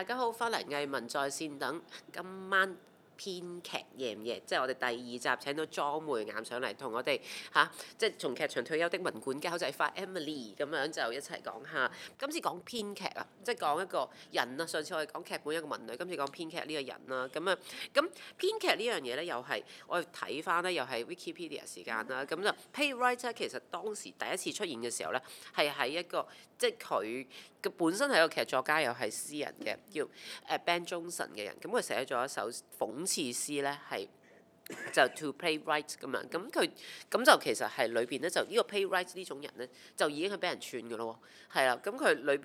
大家好，翻嚟藝文在線等，等今晚。編劇，夜唔夜？即係我哋第二集請到莊梅岩上嚟，同我哋嚇，即係從劇場退休的文管家口仔花 Emily 咁樣就一齊講下。今次講編劇啊，即係講一個人啦。上次我哋講劇本一個文女，今次講編劇呢個人啦。咁、嗯、啊，咁、嗯、編劇呢樣嘢咧，又係我哋睇翻咧，又係 Wikipedia 時間啦。咁、嗯、就 Playwright 其實當時第一次出現嘅時候咧，係喺一個即係佢嘅本身係一個劇作家，又係詩人嘅叫誒 Ben Jonson 嘅人。咁、嗯、佢寫咗一首諷。設施咧係。就 to pay l rights 咁啊，咁佢咁就其實係裏邊咧，就呢個 pay l r i g h t 呢種人咧，就已經係俾人串嘅咯喎，係啦，咁佢裏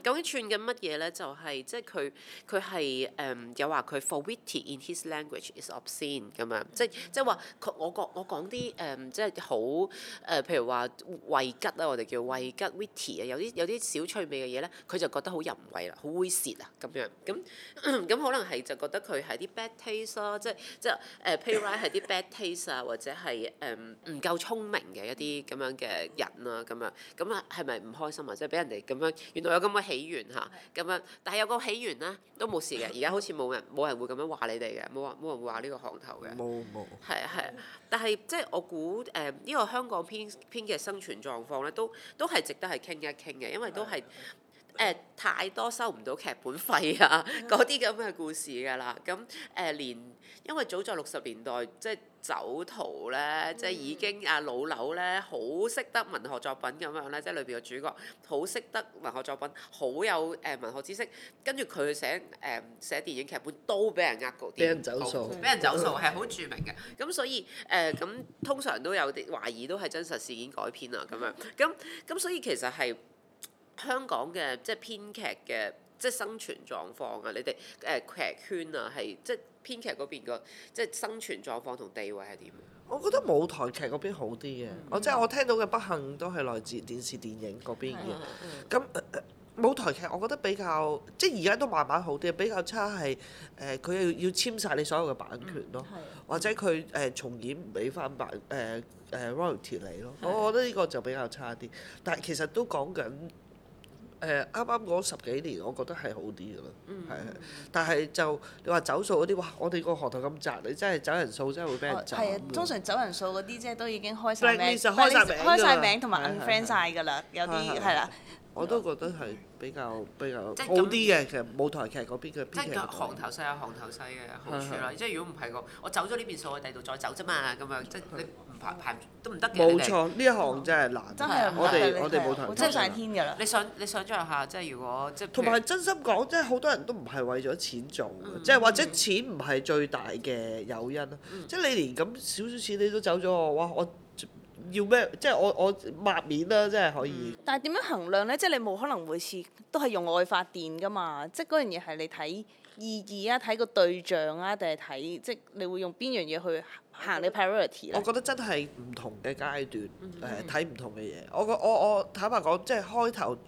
究竟串緊乜嘢咧？就係、是、即係佢佢係誒有話佢 for witty in his language is obscene 咁啊，即即係話我講我講啲誒即係好誒，譬如話味吉啊，我哋叫味吉 witty 啊，有啲有啲小趣味嘅嘢咧，佢就覺得好淫穢啦，好猥褻啊咁樣，咁、嗯、咁、嗯、可能係就覺得佢係啲 bad taste 咯，即即係誒。就是 pay rise 係啲 bad taste 啊，或者係誒唔夠聰明嘅一啲咁樣嘅人啊。咁樣咁啊係咪唔開心啊？即係俾人哋咁樣，原來有咁嘅起源嚇，咁樣，但係有個起源咧都冇事嘅，而家好似冇人冇人會咁樣話你哋嘅，冇話冇人會話呢個行頭嘅。冇冇。係啊係啊，但係即係我估誒呢個香港編編嘅生存狀況咧，都都係值得係傾一傾嘅，因為都係。誒、呃、太多收唔到劇本費啊！嗰啲咁嘅故事㗎啦，咁誒、呃、連因為早在六十年代，即係走圖咧，嗯、即係已經阿老柳咧，好識得文學作品咁樣咧，即係裏邊嘅主角好識得文學作品，好有誒、呃、文學知識，跟住佢寫誒、呃、寫電影劇本都俾人呃過啲，俾人走數，俾、嗯、人走數係好著名嘅，咁所以誒咁、呃、通常都有啲懷疑都係真實事件改編啊咁樣，咁咁所以其實係。香港嘅即係編劇嘅即係生存狀況啊！你哋誒劇圈啊，係即係編劇嗰邊個即係生存狀況同地位係點樣？我覺得舞台劇嗰邊好啲嘅，我即係我聽到嘅不幸都係來自電視電影嗰邊嘅。咁舞台劇我覺得比較即係而家都慢慢好啲，比較差係誒佢要要簽晒你所有嘅版權咯，或者佢誒重演唔俾翻版誒誒 royalty 你咯。我覺得呢個就比較差啲，但係其實都講緊。誒啱啱講十幾年，我覺得係好啲嘅咯，係係、嗯。但係就你話走數嗰啲，哇！我哋個學堂咁窄，你真係走人數真係會俾人走。啊、哦，通常走人數嗰啲即係都已經開晒名，明明開晒名同埋 unfriend 晒㗎啦，明明明明有啲係啦。我都覺得係。嗯比較比較好啲嘅，其實舞台劇嗰邊嘅，即係行頭細啊，行頭細嘅好處啦。即係如果唔係個，我走咗呢邊數，我第度再走啫嘛。咁樣即係你唔排排都唔得嘅。冇錯，呢一行真係難。真係我哋我哋舞台劇。真係攤天噶啦！你想你想象下，即係如果即係。同埋真心講，即係好多人都唔係為咗錢做，即係或者錢唔係最大嘅誘因咯。即係你連咁少少錢你都走咗，我我。要咩？即係我我抹面啦，真係可以。嗯、但係點樣衡量呢？即係你冇可能會似每次都係用外發電㗎嘛？即係嗰樣嘢係你睇意義啊，睇個對象啊，定係睇即你會用邊樣嘢去行你 priority 咧？我，我覺得真係唔同嘅階段，睇唔、嗯、同嘅嘢。我我我坦白講，即係開頭誒、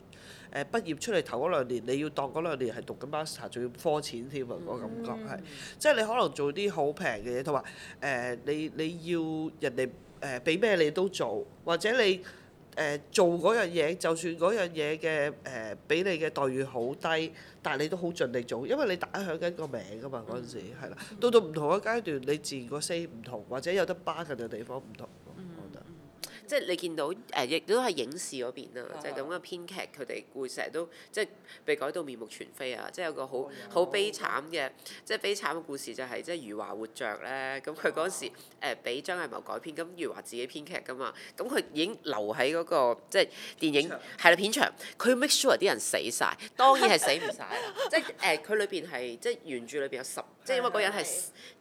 呃、畢業出嚟頭嗰兩年，你要當嗰兩年係讀緊 master，仲要科錢添啊！個、嗯、感覺係即係你可能做啲好平嘅嘢，同埋誒你你，你要人哋。誒俾咩你都做，或者你誒、呃、做嗰樣嘢，就算嗰樣嘢嘅誒俾你嘅待遇好低，但係你都好盡力做，因為你打響緊個名㗎嘛，嗰陣時係啦。到到唔同嘅階段，你自然個 say 唔同，或者有得 bargain 嘅地方唔同。即係你見到誒、呃，亦都係影視嗰邊啦，即係咁嘅編劇，佢哋會成日都即係被改到面目全非啊！即係有個好好、哦、悲慘嘅，嗯、即係悲慘嘅故事就係、是、即係餘華《活著》呢咧。咁佢嗰時誒俾張藝謀改編，咁餘華自己編劇㗎嘛。咁佢已經留喺嗰、嗰個即係電影係啦片場長，佢 make sure 啲人死晒，當然係死唔晒啦。 即係誒，佢裏邊係即係原著裏邊有十。即係因為嗰人係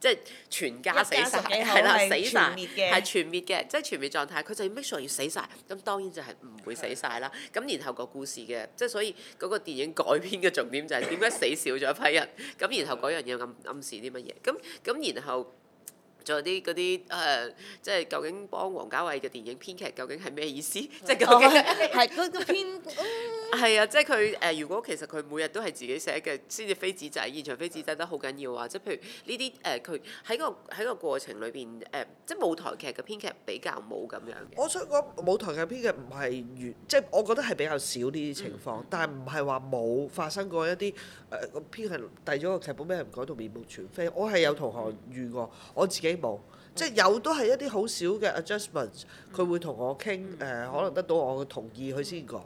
對即係全家死晒，係啦死晒，係全滅嘅，滅滅即係全滅狀態。佢就要必然要死晒，咁當然就係唔會死晒啦。咁對 然後個故事嘅，即係所以嗰個電影改編嘅重點就係點解死少咗一批人？咁 然後嗰樣嘢暗暗示啲乜嘢？咁咁然後。做啲嗰啲誒，即係究竟幫王家衛嘅電影編劇究竟係咩意思？即係的究竟係佢個編，係啊， 即係佢誒。如果其實佢每日都係自己寫嘅，先至飛紙仔，現場飛紙仔得好緊要啊！即係譬如呢啲誒，佢、呃、喺個喺個過程裏邊誒、呃，即係舞台劇嘅編劇比較冇咁樣。我想講舞台劇編劇唔係完，即、就、係、是、我覺得係比較少呢啲情況，嗯、但係唔係話冇發生過一啲誒、呃、編劇遞咗個劇本俾人改到面目全非。我係有同學遇過，我自己。冇，即係有都係一啲好少嘅 adjustment，佢會同我傾誒，可能得到我嘅同意佢先改。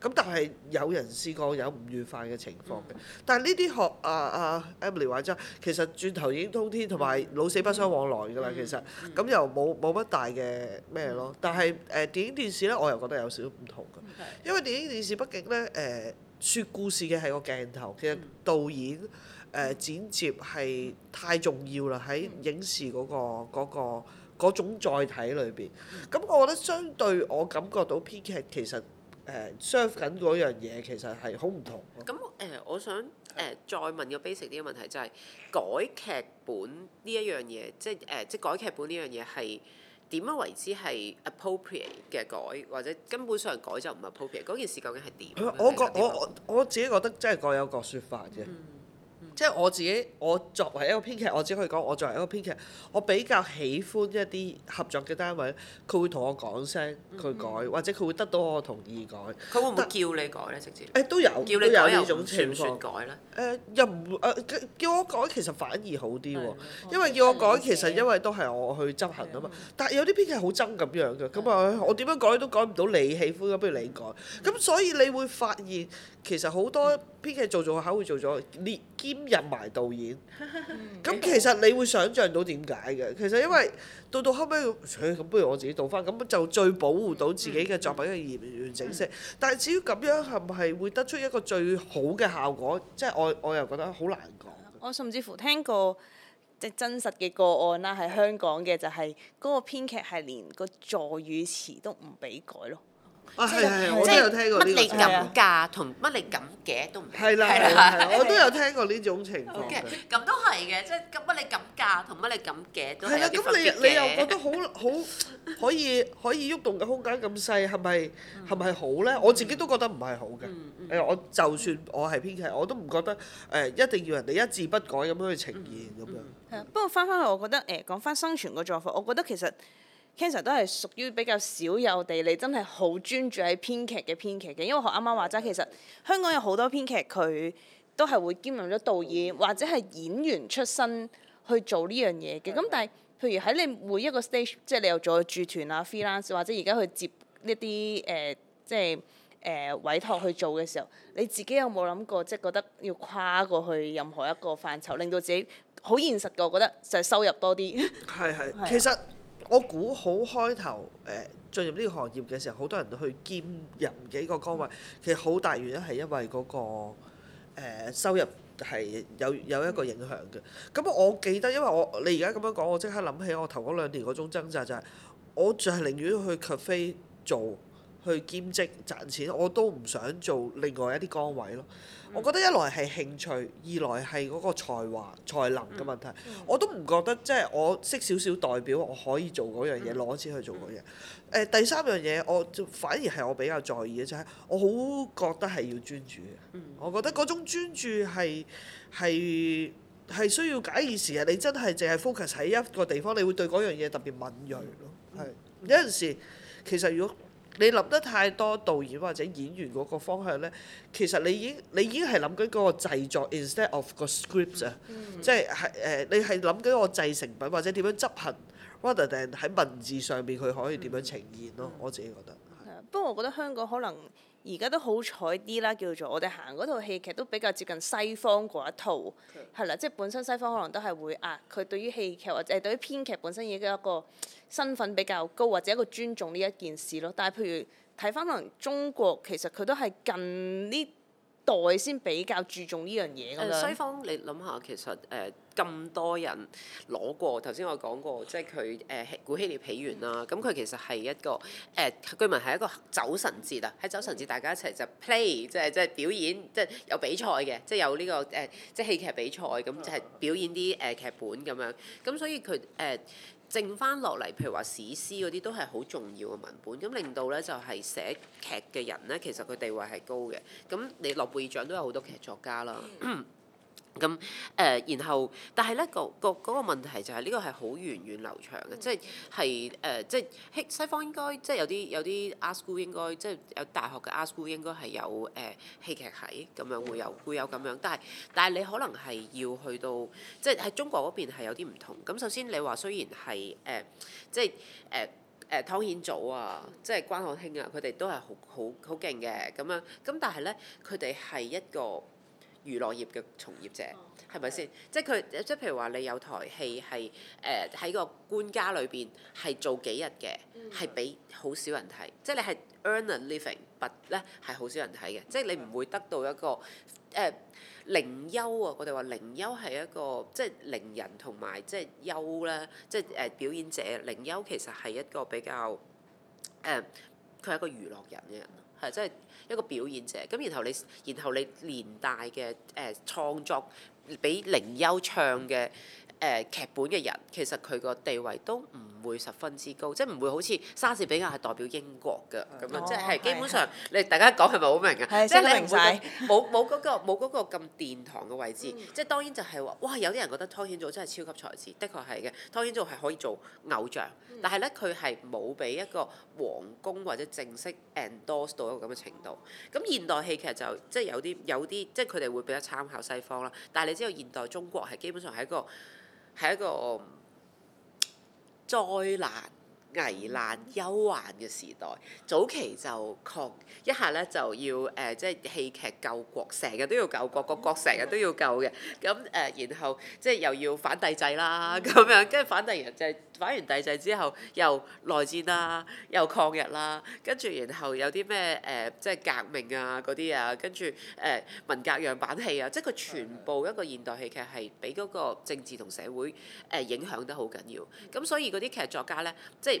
咁但係有人試過有唔愉快嘅情況嘅。但係呢啲學啊啊 Emily 話齋，其實轉頭已經通天同埋老死不相往來㗎啦。其實咁又冇冇乜大嘅咩咯。但係誒電影電視咧，我又覺得有少少唔同㗎。因為電影電視畢竟咧誒，説故事嘅係個鏡頭，其實導演。誒、呃、剪接係太重要啦，喺影視嗰、那個嗰、那個嗰、那個、種載體裏邊。咁我覺得相對我感覺到編劇其實誒 serve 緊嗰樣嘢，其實係好唔同咯。咁誒、呃，我想誒、呃、再問個 basic 啲嘅問題，就係、是、改劇本呢一樣嘢，即係誒、呃、即係改劇本呢樣嘢係點樣為之係 appropriate 嘅改，或者根本上改就唔係 appropriate 嗰件事究竟係點？我覺我我我自己覺得真係各有各說法啫。嗯即係我自己，我作為一個編劇，我只可以講，我作為一個編劇，我比較喜歡一啲合作嘅單位，佢會同我講聲佢改，或者佢會得到我同意改。佢、嗯嗯、但會唔會叫你改咧？直接？誒、欸、都有叫都有呢種情況。誒、呃、又唔誒、呃、叫我改其實反而好啲喎，的因為叫我改的其實因為都係我去執行啊嘛。的但係有啲編劇好憎咁樣嘅，咁啊的我點樣改都改唔到你喜歡，咁不如你改。咁、嗯、所以你會發現其實好多、嗯。編劇做做下，會做咗，你兼任埋導演。咁 其實你會想像到點解嘅？其實因為到到後尾，咁不如我自己導翻，咁就最保護到自己嘅作品嘅完整性。嗯嗯嗯，但係至於咁樣係咪會得出一個最好嘅效果，即、就、係、是、我我又覺得好難講。我甚至乎聽過即係真實嘅個案啦，喺香港嘅就係、是、嗰、那個編劇係連個助語詞都唔俾改咯。啊係係，我都有聽過呢種。即係乜你減價同乜你減嘅都唔係。啦係我都有聽過呢種情況。OK，咁都係嘅，即係咁乜你減價同乜你減嘅都係有分別嘅。係啊，咁你你又覺得好好可以可以喐動嘅空間咁細，係咪係咪好咧？我自己都覺得唔係好嘅。嗯嗯。誒，我就算我係編劇，我都唔覺得誒一定要人哋一字不改咁樣去呈現咁樣。係啊，不過翻翻去，我覺得誒講翻生存嘅狀況，我覺得其實。Cancer 都係屬於比較少有地，你真係好專注喺編劇嘅編劇嘅。因為我啱啱話齋，其實香港有好多編劇，佢都係會兼任咗導演或者係演員出身去做呢樣嘢嘅。咁的但係，譬如喺你每一個 stage，即係你又做駐團啊、freelance 或者而家去接一啲誒，即係誒、呃、委託去做嘅時候，你自己有冇諗過，即係覺得要跨過去任何一個範疇，令到自己好現實嘅，我覺得就係收入多啲。係係，其實。我估好開頭誒進入呢個行業嘅時候，好多人去兼任幾個崗位，其實好大原因係因為嗰個、呃、收入係有有一個影響嘅。咁我記得，因為我你而家咁樣講，我即刻諗起我頭嗰兩年嗰種掙扎就係，我仲係寧願去 cafe 做去兼職賺錢，我都唔想做另外一啲崗位咯。我覺得一來係興趣，二來係嗰個才華才能嘅問題。我都唔覺得即係、就是、我識少少代表，我可以做嗰樣嘢攞錢去做嗰樣、呃。第三樣嘢，我就反而係我比較在意嘅，就係、是、我好覺得係要專注嘅。我覺得嗰種專注係係係需要，假以時日，你真係淨係 focus 喺一個地方，你會對嗰樣嘢特別敏鋭咯。係有陣時其實如果你諗得太多導演或者演員嗰個方向呢，其實你已經你已經係諗緊嗰個製作，instead of 個 script 啊、嗯，即係係誒，你係諗緊個製成品或者點樣執行 rather than 喺文字上面佢可以點樣呈現咯。嗯、我自己覺得。不過、嗯嗯、是我覺得香港可能而家都好彩啲啦，叫做我哋行嗰套戲劇都比較接近西方嗰一套，係啦、嗯，即係、就是、本身西方可能都係會壓佢對於戲劇或者對於編劇本身已經有一個。身份比較高或者一個尊重呢一件事咯，但係譬如睇返可能中國其實佢都係近呢代先比較注重呢樣嘢咁樣。西、嗯、方你諗下其實誒咁、呃、多人攞過，頭先我講過即係佢誒古希臘起源啦，咁佢其實係一個誒、呃、據聞係一個酒神節啊，喺酒神節大家一齊就 play 即係即係表演即係、就是、有比賽嘅，即、就、係、是、有呢、這個誒即係戲劇比賽咁就係表演啲誒、呃、劇本咁樣，咁所以佢誒。呃剩翻落嚟，譬如話史詩嗰啲都係好重要嘅文本，咁令到呢就係寫劇嘅人呢，其實佢地位係高嘅，咁你諾貝爾獎都有好多劇作家啦。咁誒、呃，然後，但係咧個個嗰個問題就係、是、呢、這個係好源遠流長嘅，即係係誒，即係戲西方應該即係有啲有啲 art school 應該即係有大學嘅 art school 應該係有誒戲劇喺，咁、呃、樣會有會有咁樣，但係但係你可能係要去到，即係喺中國嗰邊係有啲唔同。咁、嗯、首先你話雖然係誒，即係誒誒湯顯祖啊，即、就、係、是、關漢卿啊，佢哋都係好好好勁嘅咁樣，咁但係咧佢哋係一個。娛樂業嘅從業者係咪先？即係佢，即係譬如話，你有台戲係誒喺個官家裏邊係做幾日嘅，係俾好少人睇。即係你係 earn a living but 咧係好少人睇嘅。嗯、即係你唔會得到一個誒伶優啊！Uh, uh, 我哋話伶優係一個即係伶人同埋即係優咧，即係誒表演者伶優其實係一個比較誒，佢、uh, 係一個娛樂人嘅人，係即係。一個表演者，咁然後你，然後你連帶嘅誒創作，俾伶優唱嘅誒、呃、劇本嘅人，其實佢個地位都唔會十分之高，即係唔會好似莎士比亞係代表英國嘅咁樣，oh，即係基本上的你大家講係咪好明啊？的即係你唔使冇冇嗰個冇嗰個咁殿堂嘅位置，嗯、即係當然就係話哇有啲人覺得湯顯祖真係超級才智，的確係嘅。湯顯祖係可以做偶像，嗯、但係咧佢係冇俾一個皇宮或者正式 endorse 到一個咁嘅程度。咁現代戲劇就即係有啲有啲即係佢哋會比較參考西方啦，但係你知道現代中國係基本上係一個係一個。災難危難憂患嘅時代，早期就確一下咧就要誒、呃，即係戲劇救國，成日都要救國，個國成日都要救嘅。咁誒、呃，然後即係又要反帝制啦，咁樣跟住反帝人就係。反完帝制之後，又內戰啦，又抗日啦，跟住然後有啲咩誒，即係革命啊嗰啲啊，跟住誒文革樣板戲啊，即係佢全部一個現代戲劇係俾嗰個政治同社會誒、呃、影響得好緊要，咁所以嗰啲劇作家咧，即係誒、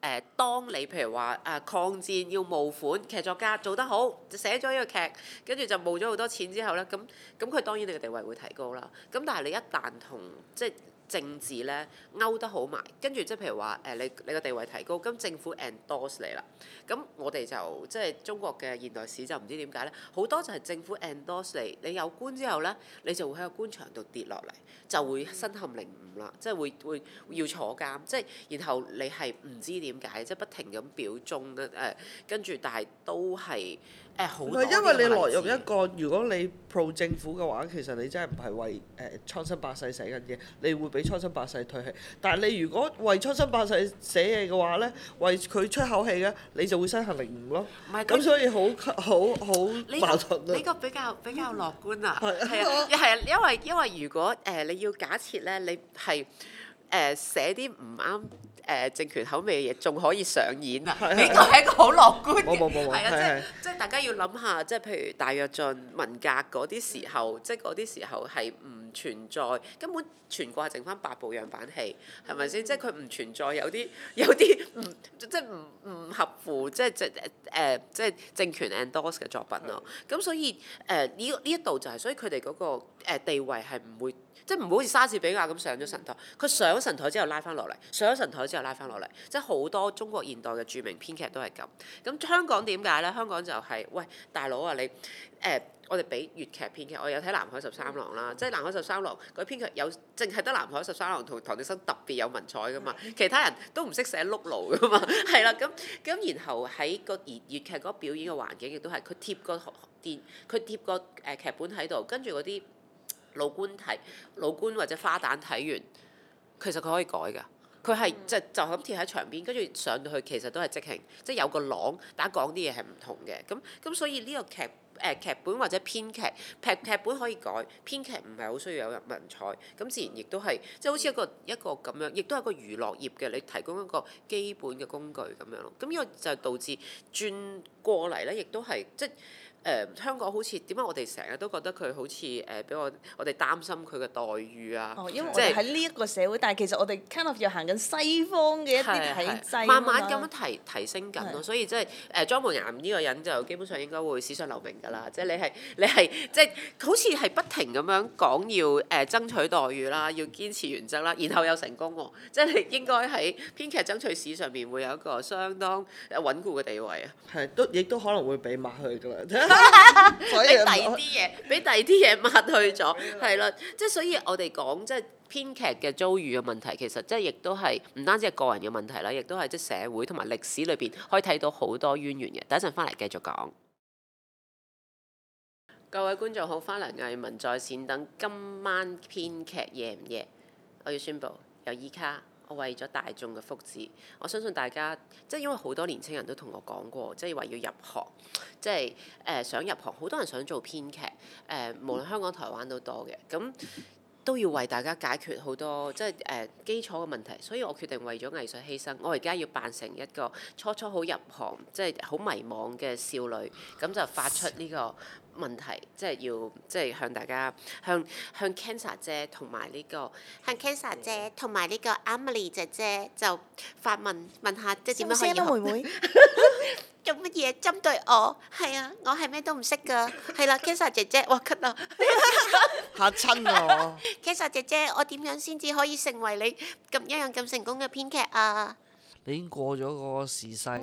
呃，當你譬如話啊、呃，抗戰要募款，劇作家做得好，就寫咗呢個劇，跟住就募咗好多錢之後咧，咁咁佢當然你嘅地位會提高啦，咁但係你一旦同即係。政治咧勾得好埋，跟住即係譬如話誒，你你個地位提高，咁政府 endorse 你啦，咁我哋就即係、就是、中國嘅現代史就唔知點解咧，好多就係政府 endorse 你，你有官之後咧，你就會喺個官場度跌落嚟，就會身陷囹圄啦，即係會會要坐監，即係然後你係唔知點解，即、就、係、是、不停咁表忠啦誒，跟、呃、住但係都係。唔係因為你落入一個， 如果你 pro 政府嘅話，其實你真係唔係為誒蒼、呃、生百世寫緊嘢，你會俾蒼生百世唾棄。但係你如果為蒼生百世寫嘢嘅話咧，為佢出口氣嘅，你就會身陷囹圄咯。唔係是。咁所以好好好矛盾咯。呢個呢個比較比較樂觀啊！係、嗯、啊，係 啊，因為因為如果誒、呃、你要假設咧，你係誒、呃、寫啲唔啱。誒政權口味嘅嘢仲可以上演啊！呢個係一個好樂觀冇冇冇，係啊，即係即係大家要諗下，即係譬如大躍進文革嗰啲時候，即係嗰啲時候係唔存在，根本全國係剩翻八部樣板戲，係咪先？即係佢唔存在有啲有啲唔即係唔唔合乎，即係即誒即係政權 endorse 嘅作品咯。咁所以誒呢呢一度就係，所以佢哋嗰個誒地位係唔會。即係唔好似莎士比亞咁上咗神台，佢上咗神台之後拉翻落嚟，上咗神台之後拉翻落嚟，即係好多中國現代嘅著名編劇都係咁。咁香港點解咧？香港就係、是、喂大佬啊，你誒、欸、我哋比粵劇編劇，我有睇《南海十三郎》啦，嗯、即係《南海十三郎》佢、那個、編劇有淨係得《南海十三郎》同唐滌生特別有文采噶嘛，其他人都唔識寫碌奴噶嘛，係啦，咁咁然後喺個粵粵劇嗰表演嘅環境亦都係佢貼個電，佢貼個誒劇本喺度，跟住嗰啲。老官睇老官或者花旦睇完，其實佢可以改㗎。佢係即係就咁貼喺牆邊，跟住上到去其實都係即興，即係有個朗打講啲嘢係唔同嘅。咁咁所以呢個劇誒劇本或者編劇劇劇本可以改，編劇唔係好需要有入文采。咁自然亦都係即係好似一個一個咁樣，亦都係一個娛樂業嘅，你提供一個基本嘅工具咁樣咯。咁呢個就導致轉過嚟咧，亦都係即係。就係誒、呃、香港好似點解我哋成日都覺得佢好似誒俾我我哋擔心佢嘅待遇啊，因為即係喺呢一個社會，但係其實我哋 kind of 又行緊西方嘅一啲體制是是是。慢慢咁樣提提升緊咯、啊，是是所以即係誒莊梅岩呢個人就基本上應該會史上留名㗎啦，即、就、係、是、你係你係即係好似係不停咁樣講要誒、呃、爭取待遇啦，要堅持原則啦，然後又成功喎、啊，即、就、係、是、你應該喺編劇爭取史上面會有一個相當誒穩固嘅地位啊。係都亦都可能會俾抹去㗎啦。俾第二啲嘢，俾第二啲嘢抹去咗，係咯， 即係所以我哋講即係編劇嘅遭遇嘅問題，其實即係亦都係唔單止係個人嘅問題啦，亦都係即係社會同埋歷史裏邊可以睇到好多淵源嘅。等一陣翻嚟繼續講。各位觀眾好，翻嚟藝文在綫等，今晚編劇夜唔夜？我要宣布有依卡。為咗大眾嘅福祉，我相信大家，即係因為好多年青人都同我講過，即係話要入行，即係誒、呃、想入行，好多人想做編劇，誒、呃、無論香港、台灣都多嘅，咁，都要為大家解決好多，即係誒、呃、基礎嘅問題，所以我決定為咗藝術犧牲。我而家要扮成一個初初好入行，即係好迷茫嘅少女，咁就發出呢個問題，即係要即係向大家向向 Cancer 姐同埋呢個向 Cancer 姐同埋呢個 Emily 姐姐就發問問下，即係點樣可以學？是 做乜嘢針對我？係啊，我係咩都唔識噶。係啦，Kesa 姐姐，哇咔啊！ 嚇親啊！Kesa 姐姐，我點樣先至可以成為你咁一樣咁成功嘅編劇啊？你已經過咗個時勢，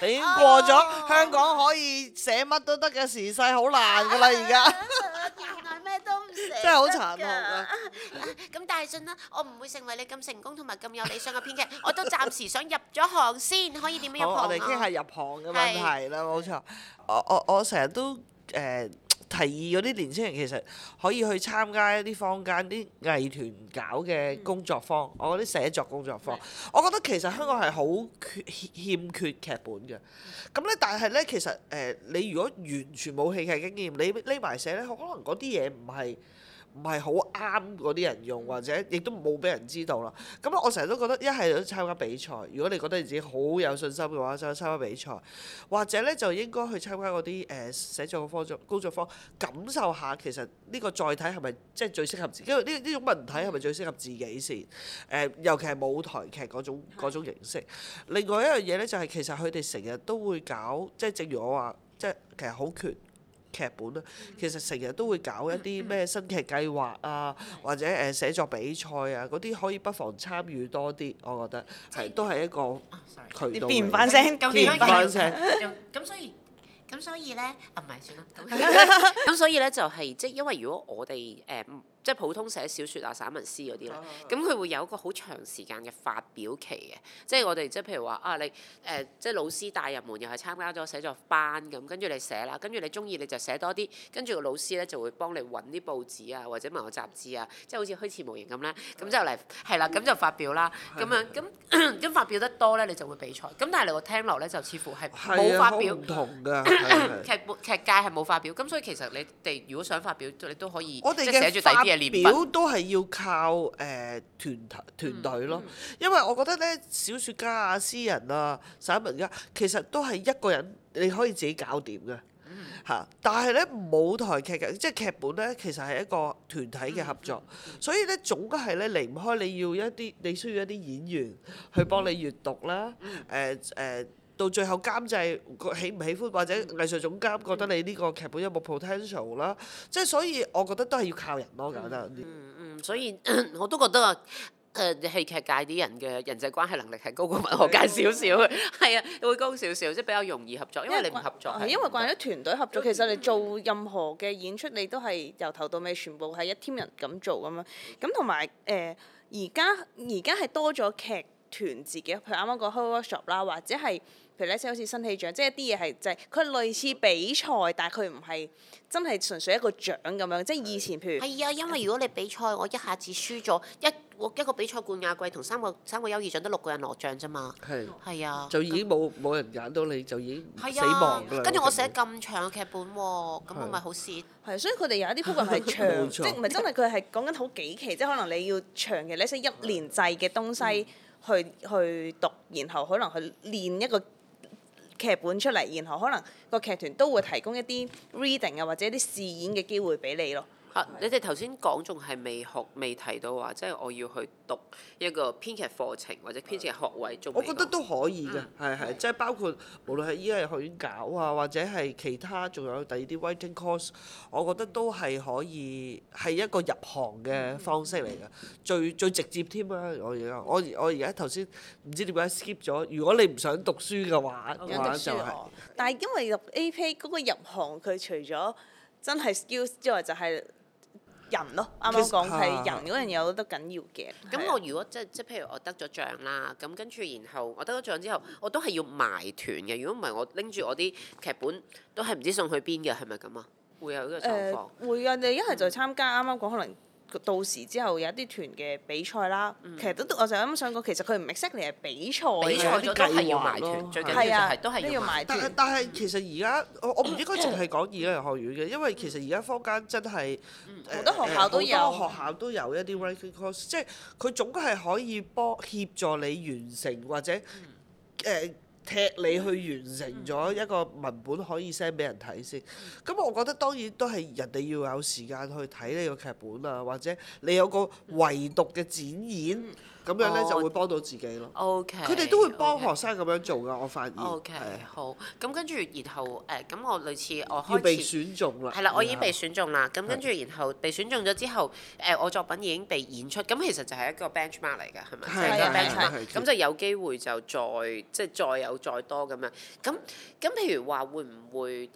你已經過咗、啊、香港可以寫乜都得嘅時勢，好難噶啦而家。 真係好慘喎！咁大信啦、啊，我唔會成為你咁成功同埋咁有理想嘅編劇，我都暫時想入咗行先，可以點樣入行？ 好，我哋傾下入行嘅問題啦，冇是錯。我我我成日都誒、呃、提議嗰啲年輕人其實可以去參加一啲坊間啲藝團搞嘅工作坊，嗯、我啲寫作工作坊。是我覺得其實香港係好缺欠缺劇本嘅。咁咧、嗯，但係咧，其實誒、呃，你如果完全冇戲劇經驗，你匿埋寫咧，可能嗰啲嘢唔係。唔係好啱嗰啲人用，或者亦都冇俾人知道啦。咁我成日都覺得一係都參加比賽。如果你覺得你自己好有信心嘅話，就參加比賽。或者咧，就應該去參加嗰啲誒寫作嘅工作工作坊，感受下其實呢個載體係咪即係最適合自己。因為呢呢種文體係咪最適合自己先？誒、呃，尤其係舞台劇嗰種嗰種形式。另外一樣嘢咧，就係、是、其實佢哋成日都會搞，即係正如我話，即係其實好缺。劇本啊，其實成日都會搞一啲咩新劇計劃啊，嗯、或者誒、呃、寫作比賽啊，嗰啲可以不妨參與多啲，我覺得係、就係、都係一個渠道。變翻聲，咁變翻聲。咁 所以，咁所以咧，啊唔係算啦。咁 所以咧就係即係因為如果我哋誒。嗯即係普通寫小說啊、散文詩嗰啲咧，咁佢、啊、會有一個好長時間嘅發表期嘅。即係我哋即係譬如話啊，你誒、呃、即係老師帶入門，又係參加咗寫作班咁，跟住你寫啦，跟住你中意你就寫多啲，跟住個老師咧就會幫你揾啲報紙啊或者文學雜誌啊，即係好似虛詞無形咁咧，咁、嗯、就嚟係的啦，咁就發表啦，咁樣咁咁的發表得多咧你就會比賽，咁但係你個聽落咧就似乎係冇發表。唔同㗎，劇劇界係冇發表，咁所以其實你哋如果想發表，你都可以即係劇寫住第二篇嘢。表都係要靠誒、呃、團、團隊團咯，嗯、因為我覺得咧，小說家啊、詩人啊、散文家，其實都係一個人你可以自己搞掂嘅嚇。但係咧，舞台劇嘅即係劇本咧，其實係一個團體嘅合作，嗯嗯、所以咧總係咧離唔開你要一啲你需要一啲演員去幫你閲讀啦，誒誒。到最後監製，佢喜唔喜歡，或者藝術總監覺得你呢個劇本有冇 potential 啦，即係所以我覺得都係要靠人咯、嗯，簡單啲。嗯嗯，所以我都覺得啊，誒、呃、戲劇界啲人嘅人際關係能力係高過文學界少少嘅，係啊的，會高少少，即係比較容易合作，因為你唔合作係因為慣咗的的團隊合作。嗯、其實你做任何嘅演出，你都係由頭到尾全部係一 team 人咁做㗎嘛。咁同埋誒而家而家係多咗劇團自己，譬如啱啱講開 workshop 啦，或者係。譬如咧，即好似新氣象，即係啲嘢係就係佢類似比賽，但係佢唔係真係純粹一個獎咁樣。即係以前譬如，係啊，因為如果你比賽，我一下子輸咗一一個比賽冠亞季同三個三個優異獎得六個人攞獎啫嘛。係的。啊的。就已經冇冇那人揀到你，就已經死亡。跟住的我寫咁長嘅劇本喎，咁的我咪好蝕。係，所以佢哋有一啲 program 係長， 沒錯 即係唔係真係佢係講緊好幾期，即係可能你要長期咧，即一年制嘅東西去去讀的，然後可能去練一個。劇本出嚟，然後可能個劇團都會提供一啲 reading 啊，或者一啲試演嘅機會俾你咯。 你哋頭先講仲係未學未提到話，即係我要去讀一個編劇課程或者編劇學位。我覺得都可以㗎。係係，即係包括無論喺依家嘅學院搞啊，或者係其他，仲有第二啲 writing course，我覺得都係可以係一個入行嘅方式嚟㗎。最最直接添啊！我而家我我而家頭先唔知點解 skip 咗。如果你唔想讀書嘅話，唔想讀但係因為入 A P 嗰個入行，佢除咗真係 skills 之外，就係、是。人咯，啱啱講係人嗰樣嘢有得緊要嘅。咁我如果是、啊、即係即係譬如我得咗獎啦，咁跟住然後我得咗獎之後，我都係要埋團嘅。如果唔係我拎住我啲劇本都係唔知送去邊嘅，係咪咁啊？會有呢個情況、呃、會啊！你一係就參加，啱啱講可能。到時之後有一啲團嘅比賽啦，嗯、其實都，我就啱想講，其實佢唔係悉尼係比賽，比賽啲都係要埋團，最緊要就都要埋團。但係其實而家我我唔應該淨係講二個人學院嘅，因為其實而家坊間真係好多學校都有一啲 writing course，即係佢總係可以幫協助你完成或者誒。嗯呃踢你去完成咗一個文本，可以 send 俾人睇先，咁我覺得當然都係人哋要有時間去睇你個劇本啊，或者你有個唯獨嘅展演。咁樣咧就會幫到自己咯。O K，佢哋都會幫學生咁樣做噶，我發現。O K，好。咁跟住然後誒，咁我類似我要被選中啦。係啦，我已經被選中啦。咁跟住然後被選中咗之後，誒，我作品已經被演出。咁其實就係一個 bench mark 嚟㗎，係咪？係啊，bench mark，咁就有機會就再即係再有再多咁樣。咁咁譬如話會唔會誒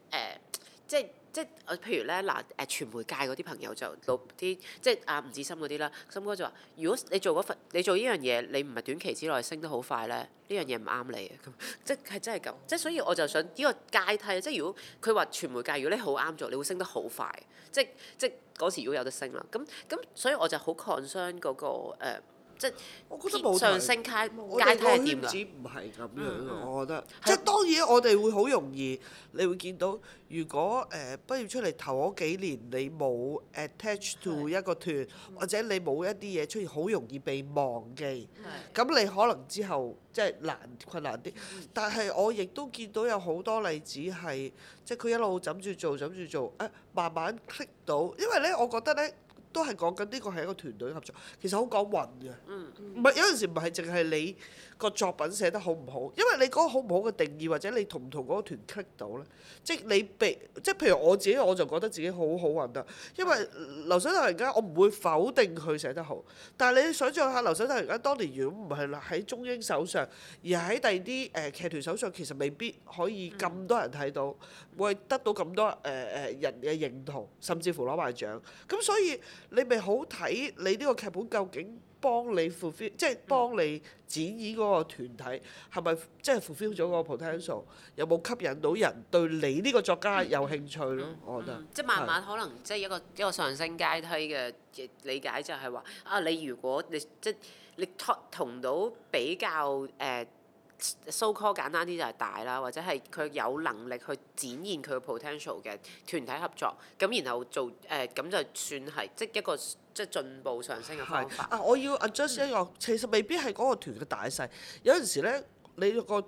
即係？即係我譬如咧，嗱，誒傳媒界嗰啲朋友就老啲，即係阿吳志森嗰啲啦，森、啊、哥就話：如果你做嗰份，你做呢樣嘢，你唔係短期之內升得好快咧，呢樣嘢唔啱你嘅。咁即係真係咁，即係所以我就想呢、這個階梯，即係如果佢話傳媒界，如果你好啱做，你會升得好快。即係即係嗰時如果有得升啦，咁咁所以我就好抗傷嗰個誒。呃即我覺得冇上升階階梯係點㗎？我哋個例子唔係咁樣咯，嗯、我覺得。的即係當然，我哋會好容易，你會見到，如果誒、呃、畢業出嚟頭嗰幾年，你冇 attach to 的一個團，或者你冇一啲嘢出現，好容易被忘記。係的。咁你可能之後即係難困難啲，但係我亦都見到有好多例子係，即係佢一路枕住做枕住做，誒、啊、慢慢 click 到。因為咧，我覺得咧。都係講緊呢個係一個團隊合作，其實好講運嘅，唔係、嗯、有陣時，唔係淨係你。個作品寫得好唔好？因為你嗰個好唔好嘅定義，或者你同唔同嗰個團傾到呢？即係你被即係譬如我自己，我就覺得自己好好運啊！因為留守太平間，我唔會否定佢寫得好，但係你想象下人，留守太平間當年如果唔係喺中英手上，而喺第二啲誒劇團手上，其實未必可以咁多人睇到，會得到咁多誒誒、呃、人嘅認同，甚至乎攞埋獎。咁、嗯、所以你咪好睇你呢個劇本究竟？幫你 fulfill，即係幫你展現嗰個團體係咪、嗯、即係 fulfill 咗個 potential，有冇吸引到人對你呢個作家有興趣咯？嗯、我覺得，嗯嗯、即係慢慢可能即係是一個一個上升階梯嘅理解就係話啊，你如果你即係你同到比較誒。呃 so call 簡單啲就係大啦，或者係佢有能力去展現佢嘅 potential 嘅團體合作，咁然後做誒咁、呃、就算係即係一個即係進步上升嘅方法。啊，我要 adjust 一個，嗯、其實未必係嗰個團嘅大細，有陣時咧你個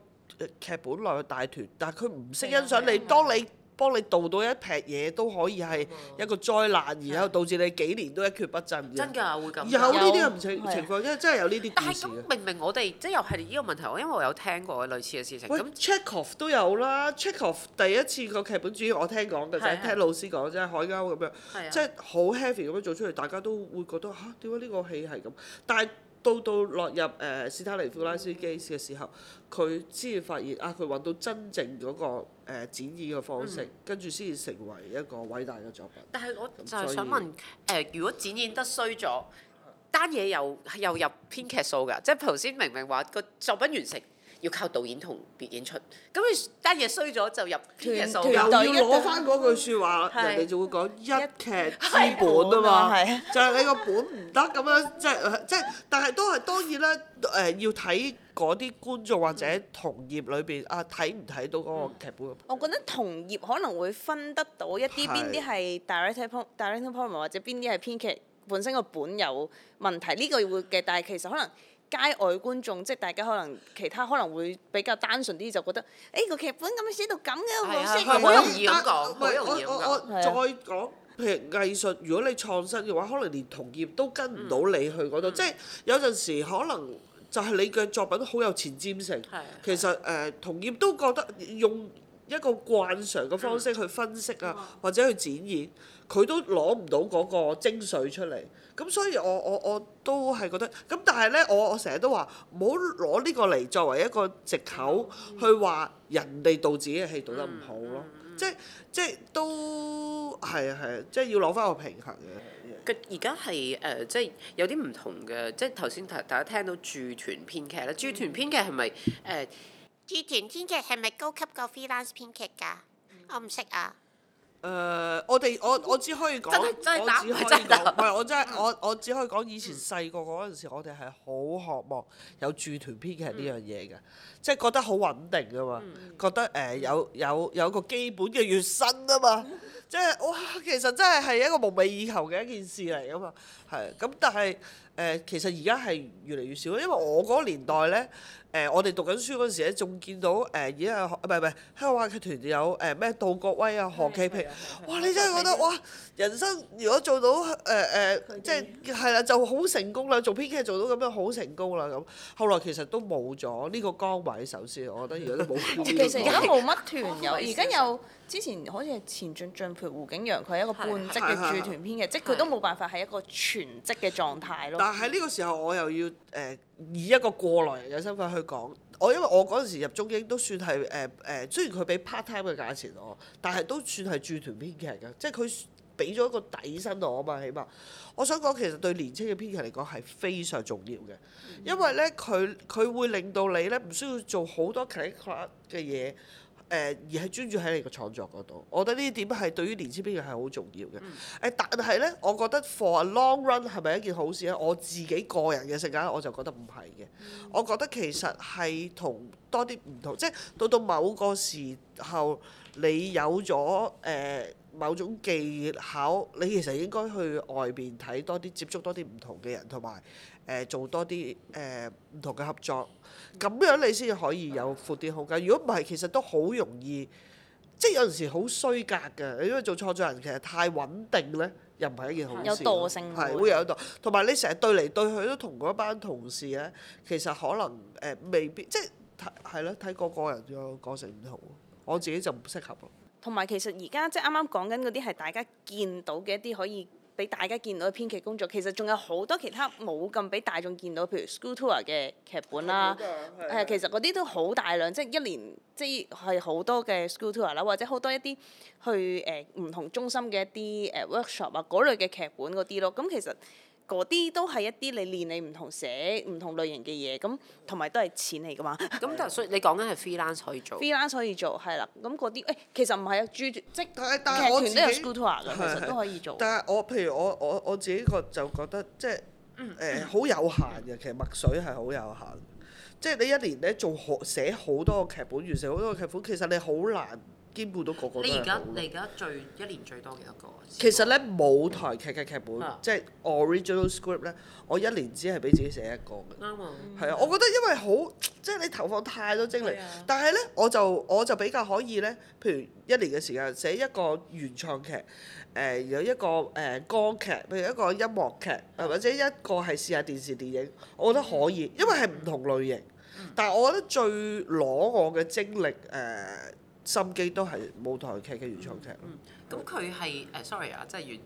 劇本內嘅大團，但係佢唔識欣賞你，當你。幫你導到一劈嘢都可以係一個災難，然後導致你幾年都一蹶不振。真㗎，會咁有呢啲嘅情情況況，的因為真係有呢啲故事。明明我哋即係又係呢個問題，我因為我有聽過類似嘅事情咁。喂那 Chekhov 都有啦，Chekhov 第一次個劇本主義我聽講嘅就啫，的聽老師講啫，海鷗咁樣，的即係好 heavy 咁樣做出嚟，大家都會覺得吓點解呢個戲係咁？但係。到到落入誒史坦尼斯拉夫斯基嘅時候，佢先至發現啊，佢揾到真正嗰、那個誒、呃、展演嘅方式，嗯、跟住先至成為一個偉大嘅作品。但係我就係想問誒以、呃，如果展演得衰咗，單嘢又又入編劇數嘅，即係頭先明明話個作品完成。要靠導演同表演出，咁你單嘢衰咗就入編劇數。又要攞翻嗰句説話，團 是人哋就會講一劇之本啊嘛，就係你個本唔得咁樣，即係即係，但係都係當然啦，誒、呃、要睇嗰啲觀眾或者同業裏邊啊睇唔睇到嗰個劇本，本。嗯、我覺得同業可能會分得到一啲邊啲係 directing problem、directing problem 或者邊啲係編劇本身個本有問題呢、呢個會嘅，但係其實可能。街外觀眾，即係大家可能其他可能會比較單純啲，就覺得誒、哎、個劇本咁樣寫到咁嘅模式咁，好、啊、容易咁講，好、啊、容易咁、啊、再講譬如藝術，如果你創新嘅話，可能連同業都跟唔到你去嗰度，嗯、即係有陣時可能就係你嘅作品好有前瞻性。係、嗯。嗯、其實誒、呃，同業都覺得用一個慣常嘅方式去分析啊，嗯嗯、或者去展演。佢都攞唔到嗰個精髓出嚟，咁所以我我我都係覺得，咁但係咧，我我成日都話唔好攞呢個嚟作為一個藉口、嗯、去話人哋導自己嘅戲導得唔好咯，嗯嗯、即即都係啊係啊，即係要攞翻個平衡嘅。佢而家係誒，即、呃、係、即係、有啲唔同嘅，即係頭先大大家聽到駐團編劇咧，駐團編劇係咪誒？駐、呃、團編劇係咪高級過 freelance 編劇㗎？我唔識啊。誒、呃，我哋我我只可以講，我只可以講，唔係我真係的我我只可以講以前細個嗰陣時，我哋係好渴望有駐團編劇呢樣嘢嘅，嗯、即係覺得好穩定啊嘛，嗯、覺得誒、呃、有有有個基本嘅月薪啊嘛。嗯即係、就是、哇，其實真係係一個夢寐以求嘅一件事嚟㗎嘛，係。咁但係誒、呃，其實而家係越嚟越少，因為我嗰年代咧，誒、呃、我哋讀緊書嗰時咧，仲見到誒而家啊，唔係唔係香港話劇團有誒咩杜國威啊、何啟平，哇！你真係覺得哇，人生如果做到誒誒，即係係啦，就好成功啦，做編劇做到咁樣好成功啦咁。後來其實都冇咗呢個崗位，首先我覺得而家都冇。其實而家冇乜團友。而家有。之前好似係前進進培胡景陽，佢係一個半職嘅駐團編劇，的即係佢都冇辦法係一個全職嘅狀態咯。但係呢個時候我又要誒、呃、以一個過來人嘅身份去講，我因為我嗰陣時入中英都算係誒誒，雖然佢俾 part time 嘅價錢我，但係都算係駐團編劇㗎，即係佢俾咗一個底薪我啊嘛，起碼我想講其實對年青嘅編劇嚟講係非常重要嘅，因為咧佢佢會令到你咧唔需要做好多 critical 嘅嘢。而係專注喺你個創作嗰度，我覺得呢點係對於年青編劇係好重要嘅。但係呢，我覺得 for a long run 係咪一件好事咧？我自己個人嘅性格我就覺得唔係嘅。我覺得其實係同多啲唔同，即係到到某個時候，你有咗、呃、某種技巧，你其實應該去外邊睇多啲，接觸多啲唔同嘅人，同埋、呃、做多啲呃、唔同嘅合作。咁樣你先可以有闊啲空間。如果唔係，其實都好容易，即係有陣時好衰格㗎。因為做創作人其實太穩定咧，又唔係一件好事。有惰性㗎，係會有惰。同埋你成日對嚟對去都同嗰班同事咧，其實可能誒、呃、未必，即係係咯，睇個個人個性唔同。我自己就唔適合。同埋其實而家即係啱啱講緊嗰啲係大家見到嘅一啲可以。俾大家見到嘅編劇工作，其實仲有好多其他冇咁俾大眾見到，譬如 school tour 嘅劇本啦，係 其實嗰啲都好大量，即係一年即係好多嘅 school tour 啦，或者好多一啲去誒唔同中心嘅一啲誒 workshop 啊嗰類嘅劇本嗰啲咯，咁其實。嗰啲都係一啲你練你唔同寫唔同類型嘅嘢，咁同埋都係錢嚟㗎嘛。咁但係所以你講緊係 freelance 可以做 freelance 可以做係啦，咁嗰啲誒其實唔係啊，專業劇團都有 school tour 㗎，其實都可以做。以做那那欸、但係我譬如我我我自己個的就覺得即係誒好有限嘅，其實墨水係好有限，即係你一年咧做好寫好多個劇本，完成好多個劇本，其實你好難。兼顧到個個都你。你而家你而家最一年最多幾多個？其實咧，舞台劇嘅劇，劇本，的即係 original script 咧，我一年只係俾自己寫一個嘅。啱啊吧！係啊，我覺得因為好，即係你投放太多精力。吧但係咧，我就我就比較可以咧，譬如一年嘅時間寫一個原創劇，誒、呃、有一個誒、呃、歌劇，譬如一個音樂劇，的或者一個係試下電視電影，我覺得可以，嗯、因為係唔同類型。但係我覺得最攞我嘅精力誒。呃呃呃心機都係舞台劇嘅原創劇。 咁佢係誒，sorry 啊，即係完。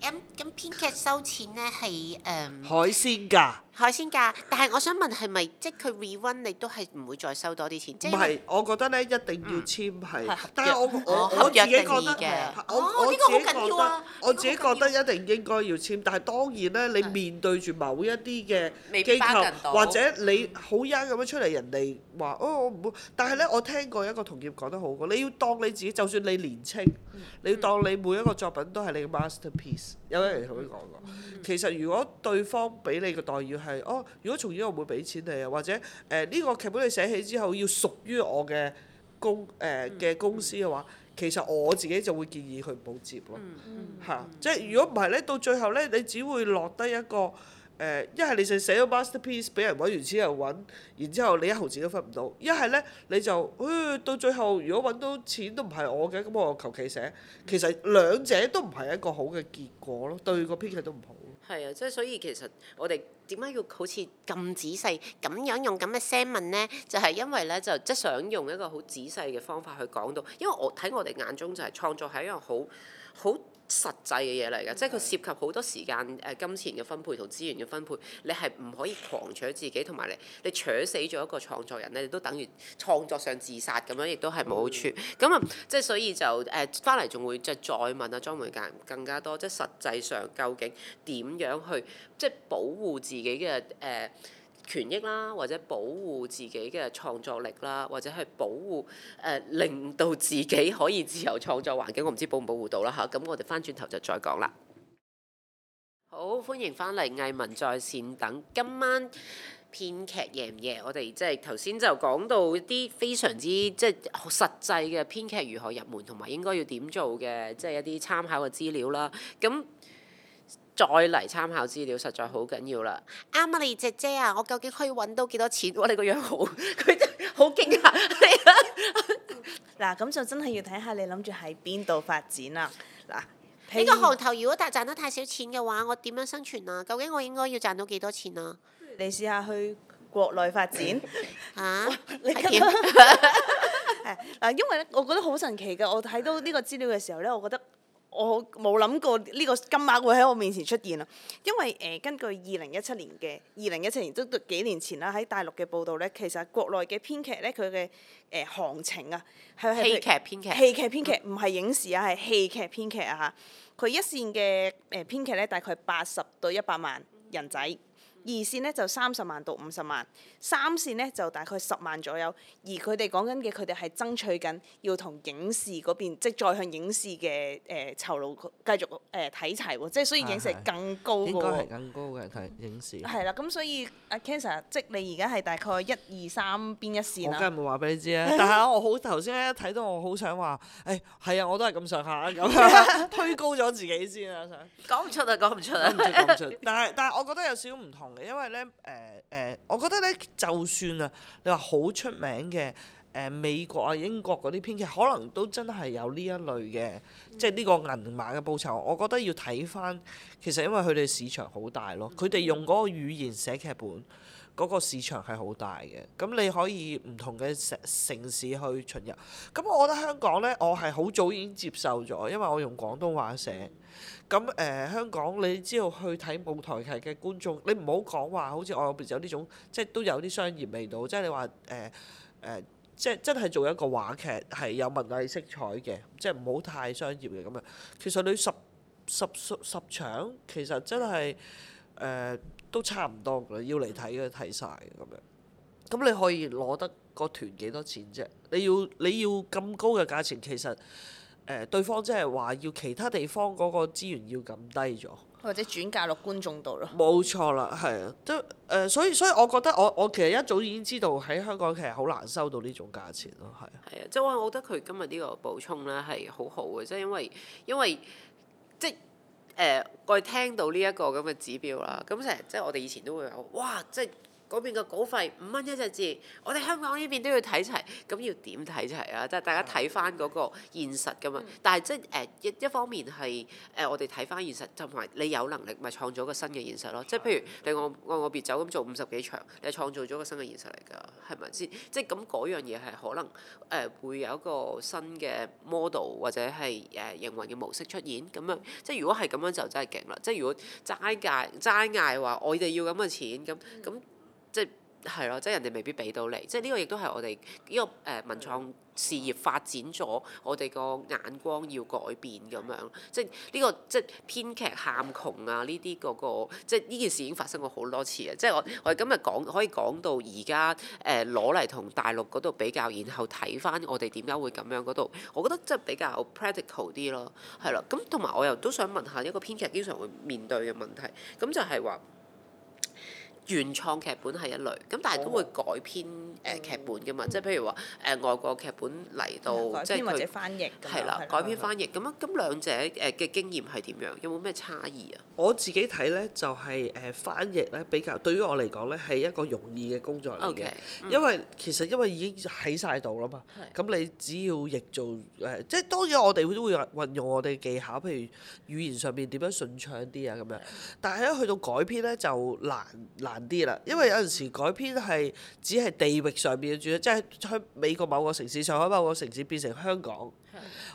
咁咁編劇收錢咧係誒。海鮮價。海鮮價，但係我想問係咪即係佢 re-run 都係唔會再收多啲錢？唔係，我覺得咧一定要簽係。但係我我我自己覺得，我呢個好緊要啊。我自己覺得一定應該要簽，但係當然咧，你面對住某一啲嘅機構或者你好硬咁樣出嚟，人哋話哦，我唔會。但係咧，我聽過一個同業講得好嘅，你要當你自己，就算你年青，你。當你每一個作品都係你嘅 masterpiece，有個人同佢講過，其實如果對方俾你嘅待遇係哦，如果從呢個會俾錢你啊，或者誒呢、呃呢個劇本你寫起之後要屬於我嘅公誒嘅、呃、公司嘅話，其實我自己就會建議佢唔好接咯嚇、嗯嗯啊。即係如果唔係咧，到最後咧，你只會落得一個。誒一係你就寫個 masterpiece，俾人揾完錢又揾，然之後你一毫子都分唔到；一係咧你就，誒、呃、到最後如果揾到錢都唔係我嘅，咁我求其寫。其實兩者都唔係一個好嘅結果咯，對個編劇都唔好。係啊，即係所以其實我哋點解要好似咁仔細咁樣用咁嘅 statement 咧？就係、是、因為咧就即係想用一個好仔細嘅方法去講到，因為我睇我哋眼中就係、是、創作係一個好好。實際嘅嘢嚟㗎，Okay. 即係佢涉及好多時間誒、呃、金錢嘅分配同資源嘅分配，你係唔可以狂搶自己同埋你你搶死咗一個創作人咧，你都等於創作上自殺咁樣，亦都係冇好處。咁啊、嗯，即係所以就誒翻嚟仲會即係再問下莊梅岩更加多，即係實際上究竟點樣去即係保護自己嘅誒、呃權益啦，或者保護自己嘅創作力啦，或者係保護誒、呃，令到自己可以自由創作環境，我唔知保唔保護到啦嚇。咁、啊、我哋翻轉頭就再講啦。好，歡迎翻嚟藝文在線等「今晚編劇夜唔夜」，我哋，即係頭先就講、是、到啲非常之即係、就是、實際嘅編劇如何入門，同埋應該要點做嘅，即、就、係、是、一啲參考嘅資料啦。咁再嚟參考資料，實在好緊要啦！啱啊，你姐姐啊，我究竟可以揾到幾多錢？我哋個樣好，佢好驚嚇。嗱，咁就真係要睇下你諗住喺邊度發展啦。嗱，呢個行頭如果賺賺得太少錢嘅話，我點樣生存啊？究竟我應該要賺到幾多錢啊？你試下去國內發展嚇？睇點？因為咧，我覺得好神奇嘅，我睇到呢個資料嘅時候呢，我覺得。我冇諗過呢個金額會喺我面前出現啊！因為誒、呃、根據二零一七年嘅二零一七年都都幾年前啦，喺大陸嘅報道呢，其實國內嘅編劇呢，佢嘅、呃、行情啊，係戲劇編劇，戲劇編劇唔係、嗯、影視啊，係戲劇編劇啊嚇。佢一線嘅誒、呃、編劇呢，大概八十到一百萬人仔。嗯。二線咧就三十萬到五十萬，三線咧就大概十萬左右。而佢哋講緊嘅，佢哋係爭取緊要同影視嗰邊，即係再向影視嘅誒酬勞繼續誒睇、呃、齊喎，即係所以影視更高喎。應該係更高嘅，睇影視。係啦、嗯，咁所以阿、啊、k e n e rKenza 即你而家係大概一二三邊一線啊？梗係冇會唔會話俾你知啊。但係我好頭先咧睇到我，我好想話，誒係啊，我都係咁上下咁，推高咗自己先啊想。講唔 出啊！講唔出啊！講唔出！講唔出。但係但係，我覺得有少少唔同。 因為咧，誒、呃、誒、呃，我覺得咧，就算啊，你話好出名嘅，誒、呃、美國啊、英國嗰啲編劇，可能都真係有呢一類嘅，即係呢個銀碼嘅報酬。我覺得要睇返，其實因為佢哋市場好大咯，佢哋用嗰個語言寫劇本。嗰個市場係好大嘅，咁你可以唔同嘅城市去巡遊。咁我覺得香港呢，我係好早已經接受咗，因為我用廣東話寫。咁誒、呃，香港你知道去睇舞台劇嘅觀眾，你唔好講話好似我外邊有呢種，即係都有啲商業味道。即係你話誒、呃呃、即係真係做一個話劇係有文藝色彩嘅，即係唔好太商業嘅咁樣。其實你十十十十場，其實真係都差唔多㗎喇，要嚟睇嘅睇晒嘅咁樣。咁你可以攞得個團幾多錢啫？你要你要咁高嘅價錢，其實誒、呃、對方即係話要其他地方嗰個資源要咁低咗，或者轉嫁落觀眾度咯。冇錯啦，係啊，都、呃、誒，所以所以我覺得我我其實一早已經知道喺香港其實好難收到呢種價錢咯，係啊。係啊，即係我覺得佢今日呢個補充咧係好好嘅，即係因為因為即。誒、呃，我哋聽到呢、這、一個咁嘅指標啦，咁成日。即係我哋以前都會有，哇！即係。嗰邊嘅稿費五蚊一隻字，我哋香港呢邊都要睇齊，咁要點睇齊啊？即係大家睇翻嗰個現實噶嘛。但係即係誒一一方面係誒我哋睇翻現實，同埋你有能力咪創造一個新嘅現實咯。即係譬如你愛我別走咁做五十幾場，你創造咗一個新嘅現實嚟㗎，係咪先？即係咁嗰樣嘢係可能誒會有一個新嘅 model 或者係誒營運嘅模式出現咁樣！即係如果係咁樣就真係勁啦！即係如果齋嗌齋嗌話我哋要咁嘅錢咁咁。即係係咯，即係人哋未必俾到你。即係呢個亦都係我哋呢、呢個誒文、呃、創事業發展咗，我哋個眼光要改變咁樣。即係、呢、呢個即係編劇喊窮啊！呢啲嗰個即係呢件事已經發生過好多次啊！即係我我今日講可以講到而家誒攞嚟同大陸嗰度比較，然後睇翻我哋點解會咁樣嗰度。我覺得即係比較 practical 啲咯，係啦。咁同埋我又都想問下一個編劇經常會面對嘅問題，咁就係話。原創劇本係一類，咁但係都會改編誒、呃嗯、劇本噶嘛，即係譬如話誒、呃、外國劇本嚟到，即係或者翻譯係啦改編翻譯咁樣，咁兩者誒嘅、呃、經驗係點樣？有冇咩差異啊？我自己睇咧就係、是、誒、呃、翻譯咧比較對於我嚟講咧係一個容易嘅工作嚟嘅，okay，嗯、因為其實因為已經喺晒度啦嘛，咁你只要譯做誒、呃，即係當然我哋都會運用我哋嘅技巧，譬如語言上面點樣順暢啲啊咁樣。但係一去到改編咧就難難，難難啲啦，因為有陣時改編係只係地域上邊嘅轉，即係去美國某個城市上，上海某個城市變成香港。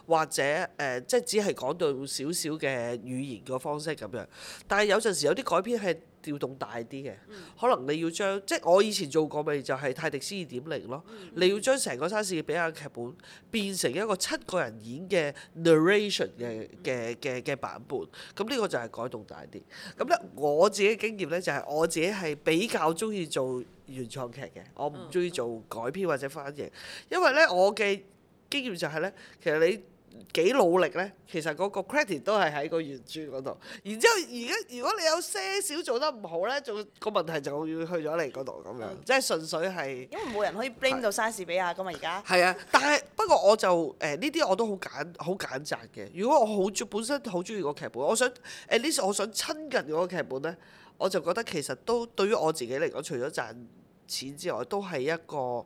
或者誒、呃，即係只係講到少少嘅語言個方式咁樣。但係有陣時有啲改編係調動大啲嘅，可能你要將即係我以前做過咪就係泰迪斯二點零咯。你要將成個莎士比亞劇本變成一個七個人演嘅 narration 嘅嘅嘅嘅版本。咁、嗯、呢、嗯、個就係改動大啲。咁、嗯、咧我自己經驗咧就係我自己係比較中意做原創劇嘅，我唔中意做改編或者翻譯，因為咧我嘅。經驗就係咧，其實你幾努力咧，其實嗰個 credit 都係喺個原著嗰度。然之後而家如果你有些少做得唔好咧，就個問題就要去咗你嗰度咁樣，即係純粹係因為冇人可以 blame 到莎士比亞咁啊而家。係啊 到 在，但係 不過我就誒呢啲我都好揀好揀擇嘅。如果我好本身好中意個劇本，我想誒呢時我想親近嗰個劇本咧，我就覺得其實都對於我自己嚟講，除咗賺錢之外，都係一個。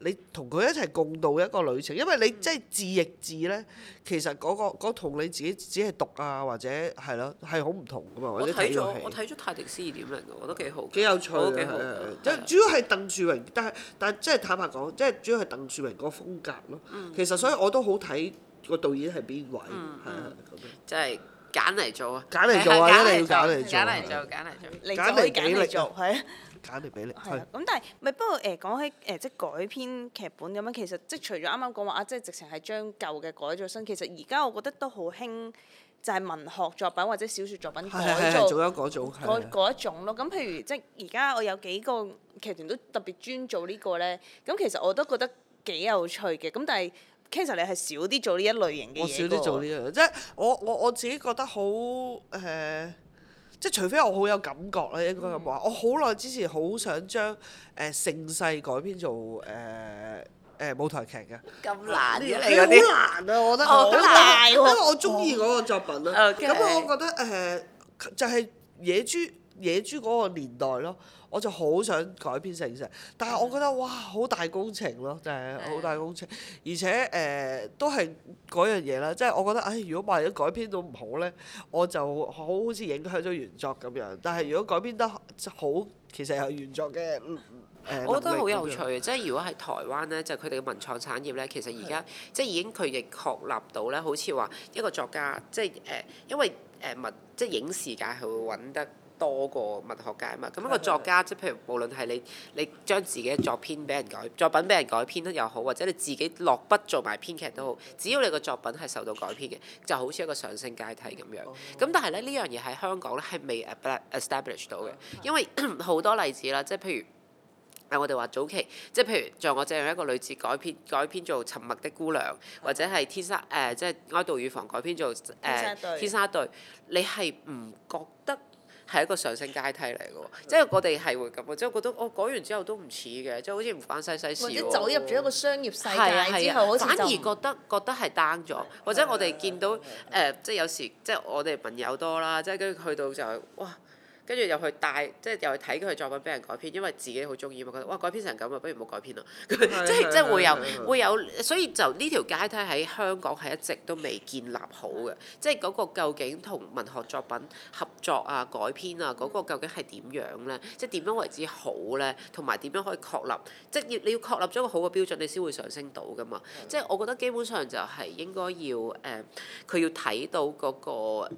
你同佢一齊共度一個旅程，因為你真係字譯字咧，其實嗰個同你自己只係讀啊，或者係咯，係好唔同噶嘛。我睇咗，我睇咗泰迪斯二點零，我覺得幾好。幾有趣啊！幾好啊！即係主要係鄧樹榮，但係但係即係坦白講，即係主要係鄧樹榮個風格咯。其實所以我都好睇個導演係邊位，係咁。即係揀嚟做啊！揀嚟做啊！一定要揀嚟做。揀嚟做，揀嚟做。揀嚟減嚟俾你係咁，但係咪不過誒、呃、講起誒、呃、即改編劇本咁樣，其實即除咗啱啱講話啊，即直情係將舊嘅改做新。其實而家我覺得都好興，就係文學作品或者小說作品改做種做一個做嗰一種咯。咁那的譬如即而家我有幾個劇團都特別專做呢、呢個咧，咁其實我都覺得幾有趣嘅。咁但係 Cancer 你係少啲做呢一類型嘅嘢，我少啲做呢一類，嗯、即我我我自己覺得好誒。呃即係除非我好有感覺咧，應該咁話。嗯、我好耐之前好想將誒、呃、盛世改編做誒誒、呃呃、舞台劇嘅。咁難啲嚟嗰啲。呃、好難啊！我覺得。好、哦、難、啊。哦、因為我中意嗰個作品啊。咁、哦嗯、我覺得誒、呃、就係、是、野豬。野豬嗰個年代咯，我就好想改編成成，但係我覺得哇，好大工程咯，就係、是、好大工程，而且誒、呃、都係嗰樣嘢啦，即係我覺得，唉、哎，如果萬一改編到唔好咧，我就好好似影響咗原作咁樣。但係如果改編得好，其實係原作嘅、呃、我覺得好有趣這樣 即係如果喺台灣咧，就佢哋嘅文創產業咧，其實而家是的 即係已經佢亦確立到咧，好似話一個作家，即係誒、呃，因為誒文、呃、即係影視界係會揾得。多過文學界啊嘛，咁、那、一個作家即係譬如，無論係你你將自己嘅作編俾人改作品俾人改編得又好，或者你自己落筆做埋編劇都好，只要你個作品係受到改編嘅，就好似一個上升階梯咁樣。咁、哦哦、但係咧，呢樣嘢喺香港咧係未 establish 到嘅，哦哦、因為好多例子啦，即係譬如我哋話早期即係譬如像我這樣一個女子改編改編做《沉默的姑娘》哦，或者係《天、呃、生》誒，即係《哀悼乳房》改編做《誒、呃、天生一對》，你係唔覺得？係一個上升階梯嚟嘅喎，即、就、係、是、我哋係會咁嘅，即係覺得我講、哦、完之後都唔似嘅，即係好似唔關西西事喎。或者走入咗一個商業世界之後，好似就反而覺得的覺得係 down 咗，的或者我哋見到誒、呃，即係有時即係我哋朋友多啦，即係跟住去到就哇。跟住又去帶，即係又去睇佢嘅作品俾人改編，因為自己好中意嘛，覺得哇改編成咁啊，不如冇改編啦 是。 即係即係會有會有，所以就呢條階梯喺香港係一直都未建立好嘅，即係嗰個究竟同文學作品合作啊改編啊嗰、嗰個究竟係點樣咧？即係點樣為之好咧？同埋點樣可以確立？即係要你要確立咗個好嘅標準，你先會上升到㗎嘛？即係 我覺得基本上就係應該要誒，佢、呃、要睇到嗰、嗰個、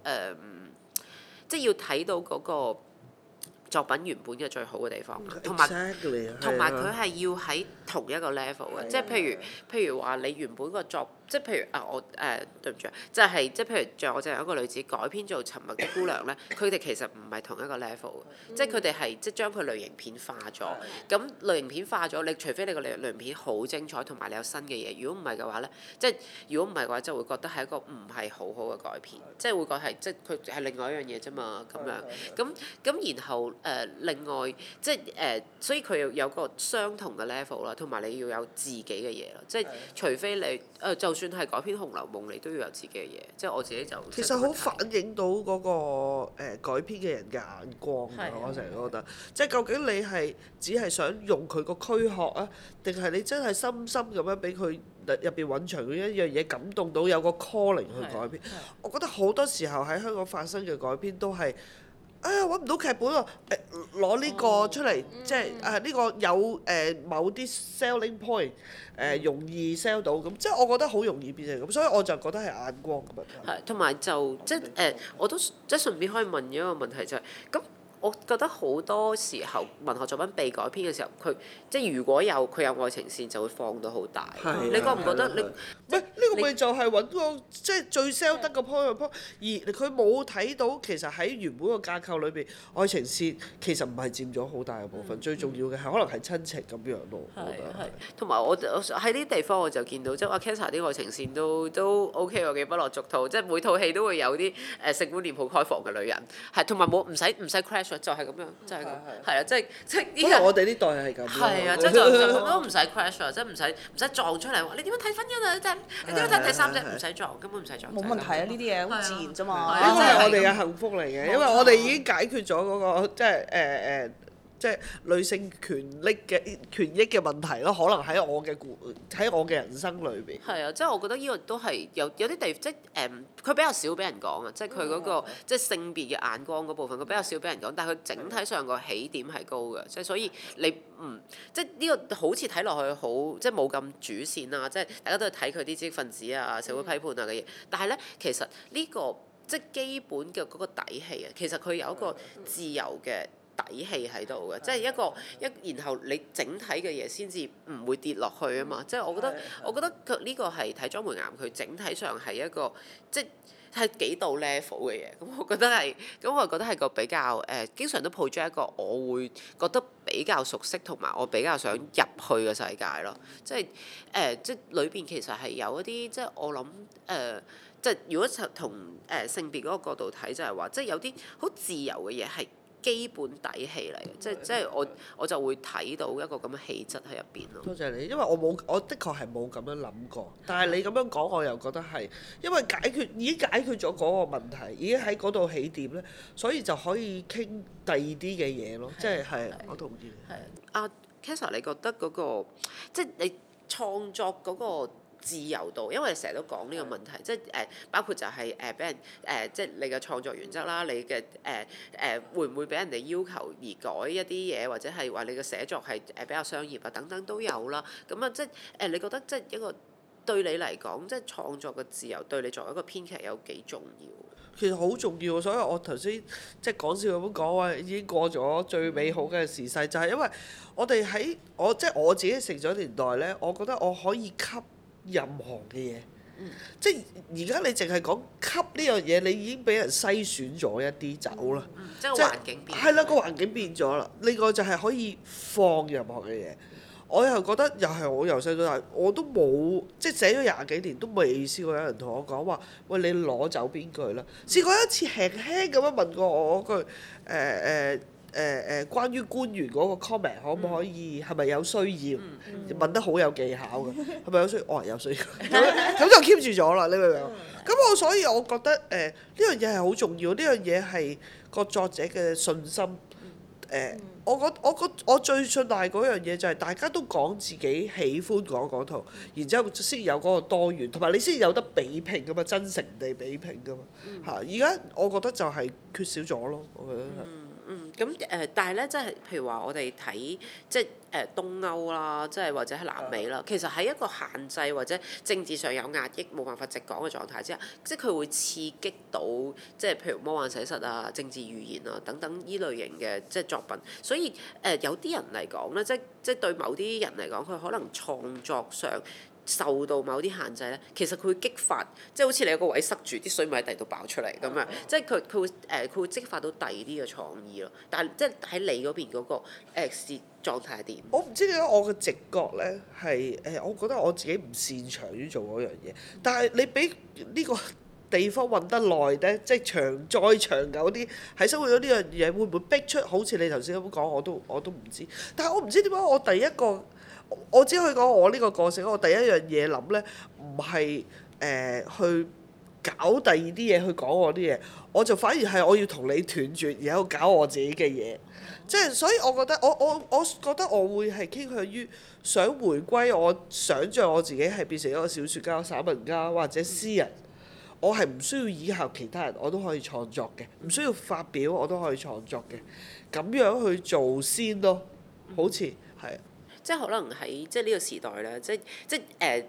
呃呃即係要睇到嗰個作品原本嘅最好嘅地方，同埋同埋佢係要喺同一個 level 嘅，的即係譬如譬如話你原本個作，即係譬如啊我誒、呃、對唔住，就係即係譬如像我就有一個女子改編做《沉默嘅姑娘》呢咧，佢哋其實唔係同一個 level 嘅、嗯，即係佢哋係即係將佢類型片化咗，咁的類型片化咗，你除非你個類類型片好精彩，同埋你有新嘅嘢，如果唔係嘅話咧，即、就、係、是、如果唔係嘅話，就會覺得係一個唔係好好嘅改編，即係的會覺得係即係佢係另外一樣嘢啫嘛咁樣，咁咁然後誒另外即係誒，所以佢又有個相同嘅 level 囉。同埋你要有自己嘅嘢咯，即係除非你誒，就算係改編紅樓夢，你都要有自己嘅嘢。即係我自己就其實好反映到嗰個誒改編嘅人嘅眼光啊，我成日都覺得，即係究竟你係只係想用佢個軀殼啊，定係你真係深深咁樣俾佢入邊邊揾長咗一樣嘢，感動到有個 calling 去改編，我覺得好多時候喺香港發生嘅改編都係。呀，揾唔到劇本喎、啊，攞、呃、呢個出嚟，哦嗯、即係啊呢個有誒、呃、某啲 selling point，誒、呃嗯、容易 sell 到咁，即係我覺得好容易變成咁，所以我就覺得係眼光咁樣。係，同埋就、嗯、即係誒、嗯呃，我都即係順便可以問一個問題就係、係、咁。我覺得好多時候文學作品被改編嘅時候，佢即係如果有佢有愛情線，就會放到好大。的你覺唔覺得你？的你唔係？呢即個咪就係揾個即係最 sell 得個 point point。的而佢冇睇到其實喺原本個架構裏邊，愛情線其實唔係佔咗好大嘅部分。嗯、最重要嘅係、嗯、可能係親情咁樣咯。係同埋我我喺呢啲地方我就見到，即係阿 c a s z a 啲愛情線都都 OK 我幾不落俗套。即係每套戲都會有啲誒性觀念好開放嘅女人，係同埋冇唔使唔使就就係咁樣，就係、係、咁，係 啊，即係， 即係，因為我哋呢代係咁。係啊，即係就都唔使 crash 啊，即係唔使唔使撞出嚟，你點樣睇婚姻啊？你點樣睇睇三隻？唔使撞，根本唔使撞。冇問題啊！呢啲嘢好自然啫嘛，呢個係我哋嘅幸福嚟嘅，因為我哋、啊、已經解決咗嗰、嗰個即係誒誒。即係欸欸即係女性權力嘅權益嘅問題咯，可能喺我嘅故喺我嘅人生裏邊。係啊，即係我覺得呢個都係有有啲地，即係誒，佢、嗯、比較少俾人講啊。即係佢嗰個、嗯、即係性別嘅眼光嗰部分，佢比較少俾人講。但係佢整體上個起點係高嘅，即係所以你唔、嗯、即係呢個好似睇落去好即係冇咁主線啊！即係大家都係睇佢啲知識分子啊、社會批判啊嘅嘢。嗯、但係咧，其實呢、呢個即係基本嘅嗰個底氣啊，其實佢有一個自由嘅。底氣喺度嘅，即係對一個一，對然後你整體嘅嘢先至唔會跌落去啊嘛！即係對我覺得，我覺得呢個係睇莊梅岩，佢整體上係一個即係、就是、幾度 level 嘅嘢。咁我覺得係，咁我覺得係個比較誒、呃，經常都抱住一個我會覺得比較熟悉同埋我比較想入去嘅世界咯。即係誒，即係裏邊其實係有一啲即係我諗誒，即、呃、係、就是、如果就同誒性別嗰個角度睇，就係話即係有啲好自由嘅嘢係。基本底氣嚟嘅，即係即係我我就會睇到一個咁嘅氣質喺入邊咯。多謝你，因為我冇，我的確係冇咁樣諗過。但係你咁樣講，我又覺得係，因為解決已經解決咗嗰個問題，已經喺嗰度起點咧，所以就可以傾第二啲嘅嘢咯。即係係，我同意你。係是啊，Kesa，你覺得嗰個即係你創作嗰個？自由度，因為成日都講呢個問題，的即係誒，包括就係誒俾人誒、呃，即係你嘅創作原則啦，你嘅誒誒，會唔會俾人哋要求而改一啲嘢，或者係話你嘅寫作係誒比較商業啊，等等都有啦。咁啊，即係誒、呃，你覺得即係一個對你嚟講，即係創作嘅自由，對你作為一個編劇有幾重要？其實好重要，所以我頭先即係講笑咁講話，已經過咗最美好嘅時勢，就係、是、因為我哋喺我即係我自己成長年代咧，我覺得我可以吸任何嘅嘢，嗯、即而而家你淨係講吸呢樣嘢，你已經俾人篩選咗一啲走啦。嗯嗯、即係環境變，係啦，個環境變咗啦。另外就係可以放任何嘅嘢，我又覺得又係我由細到大我都冇即，寫咗廿幾年都未試過有人同我講話，喂，你攞走邊句啦？試過一次輕輕咁樣問過我句誒誒。呃呃誒誒、呃，關於官員嗰個 comment、嗯、可唔可以？係咪有需要？嗯嗯、問得好有技巧嘅，係咪有需要？哦有需要，咁、哦、 就 keep 住咗啦。你明唔明？咁、嗯嗯、我所以我覺得誒呢樣嘢係好重要，呢樣嘢係個作者嘅信心。誒、呃嗯，我我我我最信賴嗰樣嘢就係、是、大家都講自己喜歡講嗰套，然之後先有嗰個多元，同埋你先有得比拼噶嘛，真誠地比拼噶嘛。嚇、嗯！而家我覺得就係缺少咗咯，我覺得、就是。嗯咁誒、呃，但係咧，即係譬如話，我哋睇即係誒東歐啦，即係或者係南美啦，其實喺一個限制或者政治上有壓抑，冇辦法直講嘅狀態之下，即係佢會刺激到，即係譬如魔幻寫實啊、政治寓言啊等等呢類型嘅即係作品。所以誒、呃，有啲人嚟講咧，即係即係對某啲人嚟講，佢可能創作上，受到某啲限制咧，其實佢會激發，即係好似你有個位塞住，啲水咪喺地度爆出嚟咁樣啊！即係佢佢會誒佢、呃、會激發到第二啲嘅創意咯。但係即係喺你嗰邊嗰個誒 X 狀態係點？呃、我唔知點解我嘅直覺咧係誒，我覺得我自己唔擅長於做嗰樣嘢。但係你俾呢個地方搵得耐咧，即係長再長久啲，喺生活咗呢樣嘢，會唔會逼出好似你頭先咁講？我都我都唔知。但係我唔知點解我第一個。我只可以講我呢個個性，我第一樣嘢諗呢，唔係、呃、去搞第二啲嘢去講我啲嘢，我就反而係我要同你斷絕，然後搞我自己嘅嘢。即、就、係、是、所以我我我，我覺得我我我覺得我會係傾向於想回歸我想像我自己係變成一個小説家、散文家或者詩人。我係唔需要依靠其他人，我都可以創作嘅，唔需要發表，我都可以創作嘅。咁樣去做先咯，好似係。即係可能喺即係呢個時代啦，即係即係誒。呃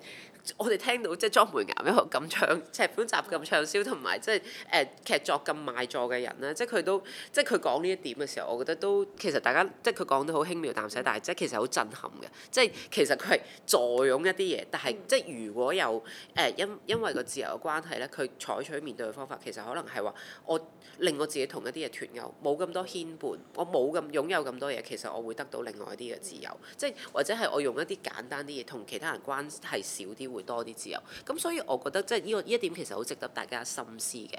我哋聽到即係莊梅岩一個咁唱劇本集咁暢銷，同埋即係誒劇作咁賣座嘅人咧，即係佢都即係佢講呢一點嘅時候，我覺得都其實大家即係佢講得好輕描淡寫，但係即係其實好震撼嘅。即係其實佢係坐擁一啲嘢，但係即係如果有誒、呃、因因為個自由嘅關係咧，佢採取面對嘅方法，其實可能係話我令我自己同一啲嘢脫勾，冇咁多牽絆，我冇咁擁有咁多嘢，其實我會得到另外一啲嘅自由。即係或者係我用一啲簡單啲嘢，同其他人關係少啲會。多啲自由，咁所以我覺得即係呢、呢個呢、呢個、一點，其實好值得大家深思嘅。